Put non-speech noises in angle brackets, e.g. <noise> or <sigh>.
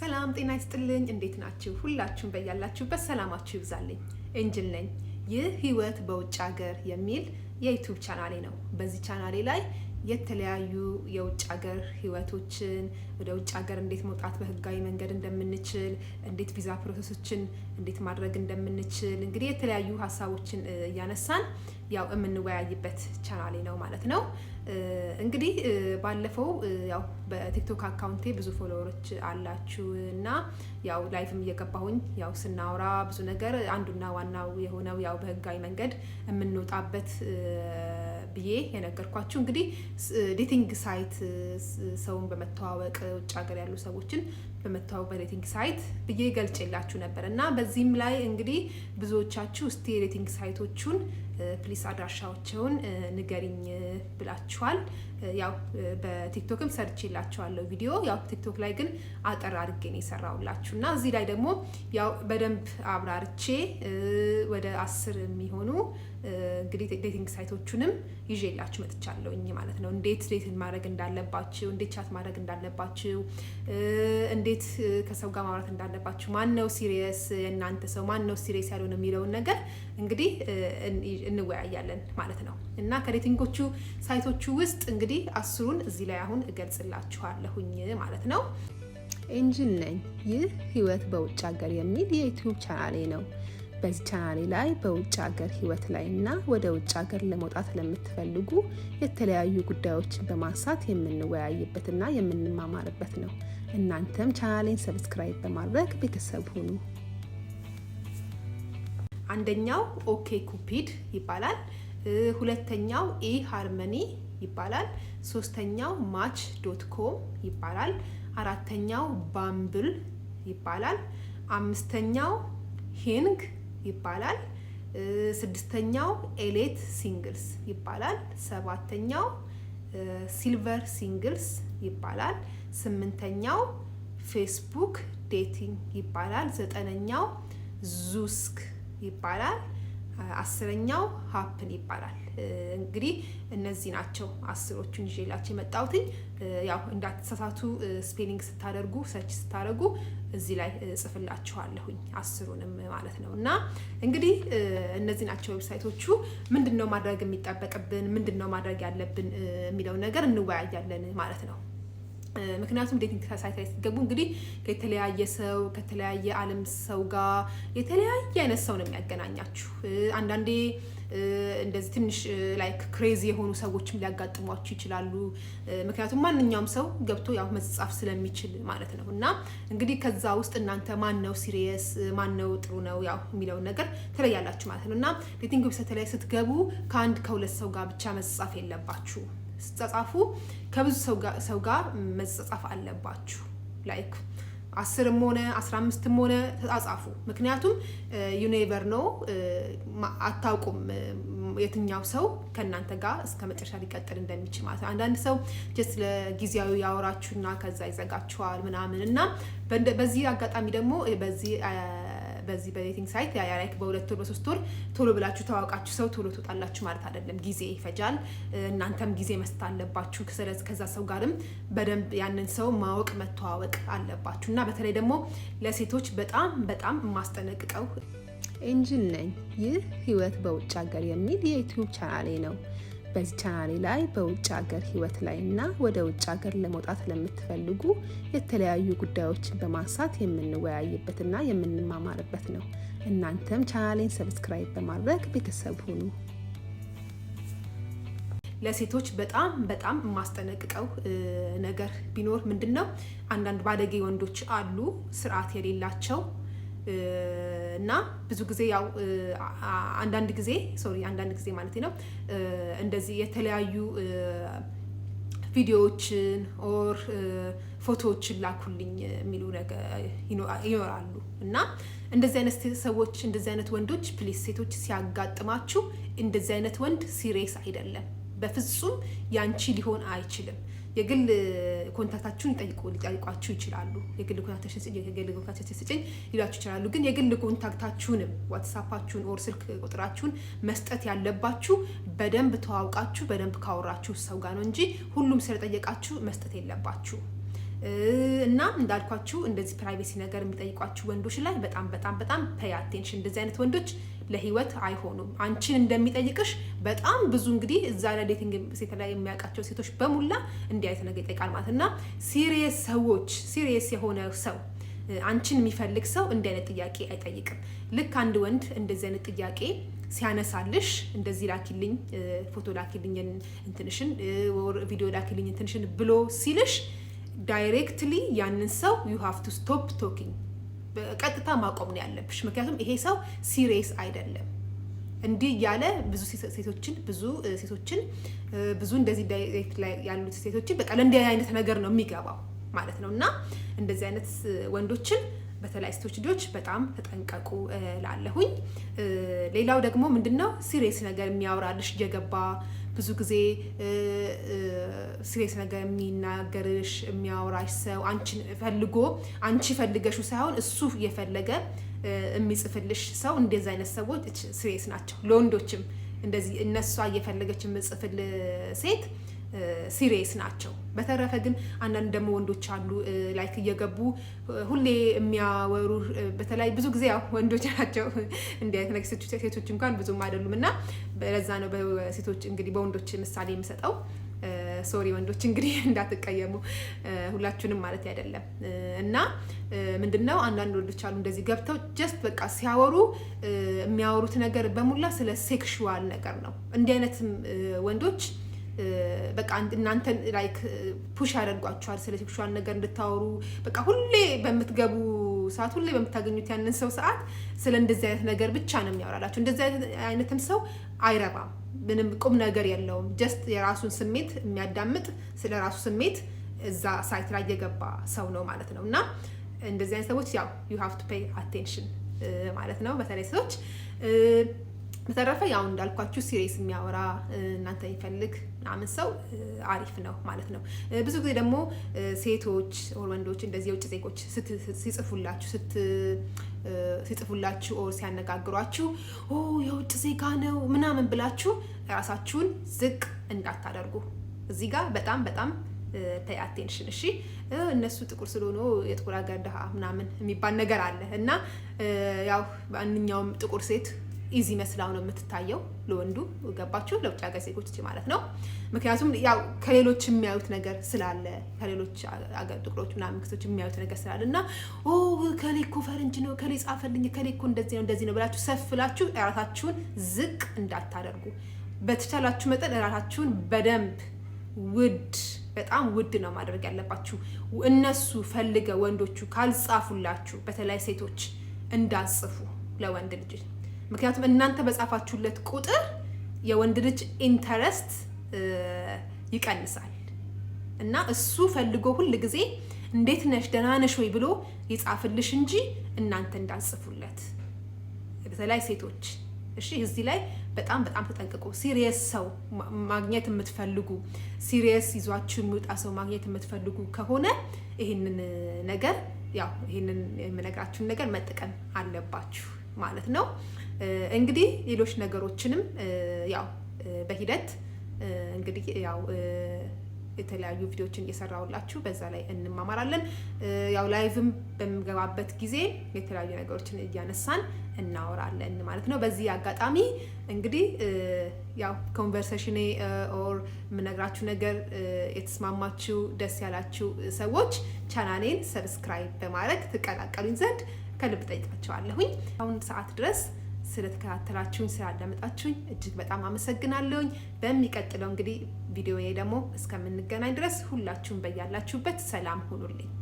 ሰላም ጤና ይስጥልኝ። እንዴት ናችሁ? ሁላችሁም በያላችሁበት ሰላማችሁ ይብዛልኝ። እንጅል ነኝ። ይህ ህይወት በውጭ ሀገር የሚል የዩቱብ ቻናሌ ነው። በዚህ ቻናሌ ላይ የተለያዩ የውጭ ሀገር ህይወቶችን ወደ ውጭ ሀገር እንዴት መውጣት በህጋዊ መንገድ እንደምንችል፣ እንዴት ቪዛ ፕሮሰሶችን እንዴት ማድረግ እንደምንችል እንግዲህ የተለያዩ ሀሳቦችን እያነሳን ያው የምንወያይበት ቻናሌ ነው ማለት ነው። እንግዲህ ባለፈው ያው በቲክቶክ አካውንቴ ብዙ ፎሎወሮች አላችሁ እና ያው ላይቭም እየገባሁኝ ያው ስናወራ ብዙ ነገር አንዱና ዋናው የሆነው ያው በህጋዊ መንገድ የምንወጣበት ብዬ የነገርኳችሁ እንግዲህ ዴቲንግ ሳይት ሰውን በመተዋወቅ ውጭ ሀገር ያሉ ሰዎችን በመተዋወቅ በሬቲንግ ሳይት ብዬ ገልጬላችሁ ነበር እና በዚህም ላይ እንግዲህ ብዙዎቻችሁ እስቲ ሬቲንግ ሳይቶቹን ፕሊስ አድራሻዎቸውን ንገሪኝ ብላችኋል። ያው በቲክቶክም ሰርቼላችኋለሁ ቪዲዮ። ያው ቲክቶክ ላይ ግን አጠር አድርጌ ነው የሰራሁላችሁ እና እዚህ ላይ ደግሞ ያው በደንብ አብራርቼ ወደ አስር የሚሆኑ እንግዲህ ዴቲንግ ሳይቶቹንም ይዤላችሁ መጥቻለሁኝ ማለት ነው። እንዴት ዴትን ማድረግ እንዳለባችሁ፣ እንዴት ቻት ማድረግ እንዳለባችሁ፣ እንዴት ከሰው ጋር ማውራት እንዳለባችሁ፣ ማን ነው ሲሪየስ የእናንተ ሰው፣ ማን ነው ሲሪየስ ያልሆነ የሚለውን ነገር እንግዲህ እንወያያለን ማለት ነው እና ከዴቲንጎቹ ሳይቶቹ ውስጥ እንግዲህ አስሩን እዚህ ላይ አሁን እገልጽላችኋለሁኝ ማለት ነው። ኤንጂን ነኝ። ይህ ህይወት በውጭ ሀገር የሚል የዩቲዩብ ቻናሌ ነው። በዚህ ቻናሌ ላይ በውጭ ሀገር ህይወት ላይ እና ወደ ውጭ ሀገር ለመውጣት ለምትፈልጉ የተለያዩ ጉዳዮችን በማንሳት የምንወያይበትና የምንማማርበት ነው። እናንተም ቻናሌን ሰብስክራይብ በማድረግ ቤተሰብ ሁኑ። አንደኛው ኦኬ ኩፒድ ይባላል። ሁለተኛው ኢ ሃርመኒ ይባላል። ሶስተኛው ማች ዶት ኮም ይባላል። አራተኛው ባምብል ይባላል። አምስተኛው ሂንግ ይባላል። ስድስተኛው ኤሌት ሲንግልስ ይባላል። ሰባተኛው ሲልቨር ሲንግልስ ይባላል። ስምንተኛው ፌስቡክ ዴቲንግ ይባላል። ዘጠነኛው ዙስክ ይባላል። አስረኛው ሀፕን ይባላል። እንግዲህ እነዚህ ናቸው አስሮቹን ይዤላቸው የመጣሁትኝ። ያው እንዳትሳሳቱ ስፔሊንግ ስታደርጉ ሰች ስታደርጉ እዚህ ላይ ጽፍላችኋለሁኝ አስሩንም ማለት ነው። እና እንግዲህ እነዚህ ናቸው ዌብሳይቶቹ። ምንድን ነው ማድረግ የሚጠበቅብን፣ ምንድን ነው ማድረግ ያለብን የሚለው ነገር እንወያያለን ማለት ነው። ምክንያቱም ዴቲንግ ሳይት ላይ ስትገቡ እንግዲህ ከተለያየ ሰው ከተለያየ ዓለም ሰው ጋር የተለያየ አይነት ሰው ነው የሚያገናኛችሁ። አንዳንዴ እንደዚህ ትንሽ ላይክ ክሬዚ የሆኑ ሰዎችም ሊያጋጥሟችሁ ይችላሉ። ምክንያቱም ማንኛውም ሰው ገብቶ ያው መጻፍ ስለሚችል ማለት ነው። እና እንግዲህ ከዛ ውስጥ እናንተ ማን ነው ሲሪየስ፣ ማን ነው ጥሩ ነው ያው የሚለውን ነገር ተለያላችሁ ማለት ነው። እና ዴቲንግ ሳይት ላይ ስትገቡ ከአንድ ከሁለት ሰው ጋር ብቻ መጻፍ የለባችሁ ስትጻጻፉ ከብዙ ሰው ጋር መጻጻፍ አለባችሁ። ላይክ አስርም ሆነ አስራ አምስትም ሆነ ተጻጻፉ። ምክንያቱም ዩኔቨር ነው አታውቁም የትኛው ሰው ከእናንተ ጋር እስከ መጨረሻ ሊቀጥል እንደሚችል ማለት ነው። አንዳንድ ሰው ጀስት ለጊዜያዊ ያወራችሁና ከዛ ይዘጋችኋል ምናምን እና በዚህ አጋጣሚ ደግሞ በዚህ በዚህ በዴቲንግ ሳይት ያላይክ በሁለት ወር በሶስት ወር ቶሎ ብላችሁ ታዋቃችሁ ሰው ቶሎ ትወጣላችሁ ማለት አይደለም። ጊዜ ይፈጃል። እናንተም ጊዜ መስጠት አለባችሁ። ከዛ ሰው ጋርም በደንብ ያንን ሰው ማወቅ መተዋወቅ አለባችሁ እና በተለይ ደግሞ ለሴቶች በጣም በጣም የማስጠነቅቀው ኢንጂን ነኝ። ይህ ህይወት በውጭ ሀገር የሚል የዩቲዩብ ቻናሌ ነው። በዚህ ቻናሌ ላይ በውጭ ሀገር ህይወት ላይ እና ወደ ውጭ ሀገር ለመውጣት ለምትፈልጉ የተለያዩ ጉዳዮችን በማንሳት የምንወያይበትና የምንማማርበት ነው። እናንተም ቻናሌን ሰብስክራይብ በማድረግ ቤተሰብ ሁኑ። ለሴቶች በጣም በጣም የማስጠነቅቀው ነገር ቢኖር ምንድን ነው? አንዳንድ ባለጌ ወንዶች አሉ፣ ስርዓት የሌላቸው እና ብዙ ጊዜ ያው አንዳንድ ጊዜ ሶሪ አንዳንድ ጊዜ ማለት ነው እንደዚህ የተለያዩ ቪዲዮዎችን ኦር ፎቶዎችን ላኩልኝ የሚሉ ይኖራሉ እና እንደዚህ አይነት ሰዎች እንደዚህ አይነት ወንዶች ፕሊስ ሴቶች ሲያጋጥማችሁ እንደዚህ አይነት ወንድ ሲሬስ አይደለም፣ በፍጹም ያንቺ ሊሆን አይችልም። የግል ኮንታክታችሁን ሊጠይቋችሁ ይችላሉ። የግል ኮንታክታችን ስጭኝ፣ የግል ኮንታክታችን ስጭኝ ሊሏችሁ ይችላሉ። ግን የግል ኮንታክታችሁንም ዋትሳፓችሁን ኦር ስልክ ቁጥራችሁን መስጠት ያለባችሁ በደንብ ተዋውቃችሁ በደንብ ካወራችሁ ሰው ጋር ነው እንጂ ሁሉም ስለጠየቃችሁ መስጠት የለባችሁ። እና እንዳልኳችሁ እንደዚህ ፕራይቬሲ ነገር የሚጠይቋችሁ ወንዶች ላይ በጣም በጣም በጣም ፔይ አቴንሽን። እንደዚህ አይነት ወንዶች ለህይወት አይሆኑም። አንቺን እንደሚጠይቅሽ በጣም ብዙ እንግዲህ እዛ ላይ ዴቲንግ ሴት ላይ የሚያውቃቸው ሴቶች በሙላ እንዲህ አይነት ነገር ይጠይቃል ማለት እና ሲሪየስ ሰዎች ሲሪየስ የሆነ ሰው አንቺን የሚፈልግ ሰው እንዲህ አይነት ጥያቄ አይጠይቅም። ልክ አንድ ወንድ እንደዚህ አይነት ጥያቄ ሲያነሳልሽ እንደዚህ ላኪልኝ ፎቶ ላኪልኝ እንትንሽን ቪዲዮ ላኪልኝ እንትንሽን ብሎ ሲልሽ ዳይሬክትሊ ያንን ሰው ዩ ሃቭ ቱ ስቶፕ ቶኪንግ በቀጥታ ማቆም ነው ያለብሽ። ምክንያቱም ይሄ ሰው ሲሪየስ አይደለም። እንዲህ እያለ ብዙ ሴቶችን ብዙ ሴቶችን ብዙ እንደዚህ ዳይሬክት ላይ ያሉት ሴቶችን በቃ ለእንዲህ አይነት ነገር ነው የሚገባው ማለት ነው። እና እንደዚህ አይነት ወንዶችን በተለይ ሴቶች ልጆች በጣም ተጠንቀቁ እላለሁኝ። ሌላው ደግሞ ምንድን ነው ሲሪየስ ነገር የሚያወራልሽ እየገባ ብዙ ጊዜ ስሬስ ነገር የሚናገርሽ የሚያወራሽ ሰው አንቺን ፈልጎ አንቺ ፈልገሽው ሳይሆን እሱ እየፈለገ የሚጽፍልሽ ሰው እንደዚህ አይነት ሰዎች ስሬስ ናቸው። ለወንዶችም እንደዚህ እነሷ እየፈለገች የምጽፍል ሴት ሲሪየስ ናቸው። በተረፈ ግን አንዳንድ ደግሞ ወንዶች አሉ ላይክ እየገቡ ሁሌ የሚያወሩ በተለይ ብዙ ጊዜ ያው ወንዶች ናቸው እንዲህ አይነት ነገር ሴቶች እንኳን ብዙም አይደሉም እና ለዛ ነው በሴቶች እንግዲህ በወንዶች ምሳሌ የምሰጠው። ሶሪ ወንዶች እንግዲህ <laughs> እንዳትቀየሙ ሁላችሁንም ማለት አይደለም። እና ምንድነው አንዳንድ ወንዶች አሉ እንደዚህ ገብተው ጀስት በቃ ሲያወሩ የሚያወሩት ነገር በሙላ ስለ ሴክሽዋል ነገር ነው። እንዲህ አይነትም ወንዶች በቃ እናንተን ላይክ ፑሽ ያደርጓችኋል ስለ ሴክሹዋል ነገር እንድታወሩ በቃ ሁሌ በምትገቡ ሰዓት ሁሌ በምታገኙት ያንን ሰው ሰዓት ስለ እንደዚህ አይነት ነገር ብቻ ነው የሚያወራላቸው። እንደዚህ አይነትም ሰው አይረባም፣ ምንም ቁም ነገር የለውም። ጀስት የራሱን ስሜት የሚያዳምጥ ስለ ራሱ ስሜት እዛ ሳይት ላይ የገባ ሰው ነው ማለት ነው። እና እንደዚህ አይነት ሰዎች ያው ዩ ሃቭ ቱ ፔይ አቴንሽን ማለት ነው በተለይ ሰዎች በተረፈ ያው እንዳልኳችሁ ሲሪየስ የሚያወራ እናንተ የሚፈልግ ምናምን ሰው አሪፍ ነው ማለት ነው። ብዙ ጊዜ ደግሞ ሴቶች ኦር ወንዶች እንደዚህ የውጭ ዜጎች ሲጽፉላችሁ ሲጽፉላችሁ ኦር ሲያነጋግሯችሁ ኦ የውጭ ዜጋ ነው ምናምን ብላችሁ ራሳችሁን ዝቅ እንዳታደርጉ እዚህ ጋር በጣም በጣም ታይ አቴንሽን እሺ። እነሱ ጥቁር ስለሆኑ የጥቁር ሀገር ድሃ ምናምን የሚባል ነገር አለ እና ያው ማንኛውም ጥቁር ሴት ኢዚ መስላው ነው የምትታየው ለወንዱ ገባችሁ፣ ለውጭ ሀገር ዜጎች ማለት ነው። ምክንያቱም ያው ከሌሎች የሚያዩት ነገር ስላለ ከሌሎች አገር ጥቁሮች ምናምን ክሶች የሚያዩት ነገር ስላለ እና ኦ ከሌ እኮ ፈረንጅ ነው፣ ከሌ ጻፈልኝ፣ ከሌ እኮ እንደዚህ ነው እንደዚህ ነው ብላችሁ ሰፍላችሁ ራሳችሁን ዝቅ እንዳታደርጉ። በተቻላችሁ መጠን ራሳችሁን በደንብ ውድ በጣም ውድ ነው ማድረግ ያለባችሁ። እነሱ ፈልገ ወንዶቹ ካልጻፉላችሁ፣ በተለይ ሴቶች እንዳጽፉ ለወንድ ልጅ ምክንያቱም እናንተ በጻፋችሁለት ቁጥር የወንድ ልጅ ኢንተረስት ይቀንሳል እና እሱ ፈልጎ ሁል ጊዜ እንዴት ነሽ ደህና ነሽ ወይ ብሎ ይጻፍልሽ እንጂ እናንተ እንዳጽፉለት። በተለይ ሴቶች እሺ፣ እዚህ ላይ በጣም በጣም ተጠንቅቁ። ሲሪየስ ሰው ማግኘት የምትፈልጉ ሲሪየስ ይዟችሁ የሚወጣ ሰው ማግኘት የምትፈልጉ ከሆነ ይህንን ነገር ያው ይህንን የምነግራችሁን ነገር መጠቀም አለባችሁ ማለት ነው። እንግዲህ ሌሎች ነገሮችንም ያው በሂደት እንግዲህ ያው የተለያዩ ቪዲዮችን እየሰራሁላችሁ በዛ ላይ እንማማራለን። ያው ላይቭም በምገባበት ጊዜ የተለያዩ ነገሮችን እያነሳን እናወራለን ማለት ነው። በዚህ አጋጣሚ እንግዲህ ያው ኮንቨርሴሽኔ ኦር የምነግራችሁ ነገር የተስማማችሁ ደስ ያላችሁ ሰዎች ቻናሌን ሰብስክራይብ በማድረግ ትቀላቀሉኝ ዘንድ ከልብ ጠይቃቸዋለሁኝ። አሁን ሰዓት ድረስ ስለተከታተላችሁኝ ስላዳመጣችሁኝ እጅግ በጣም አመሰግናለሁኝ። በሚቀጥለው እንግዲህ ቪዲዮ ደግሞ እስከምንገናኝ ድረስ ሁላችሁም በያላችሁበት ሰላም ሁኑልኝ።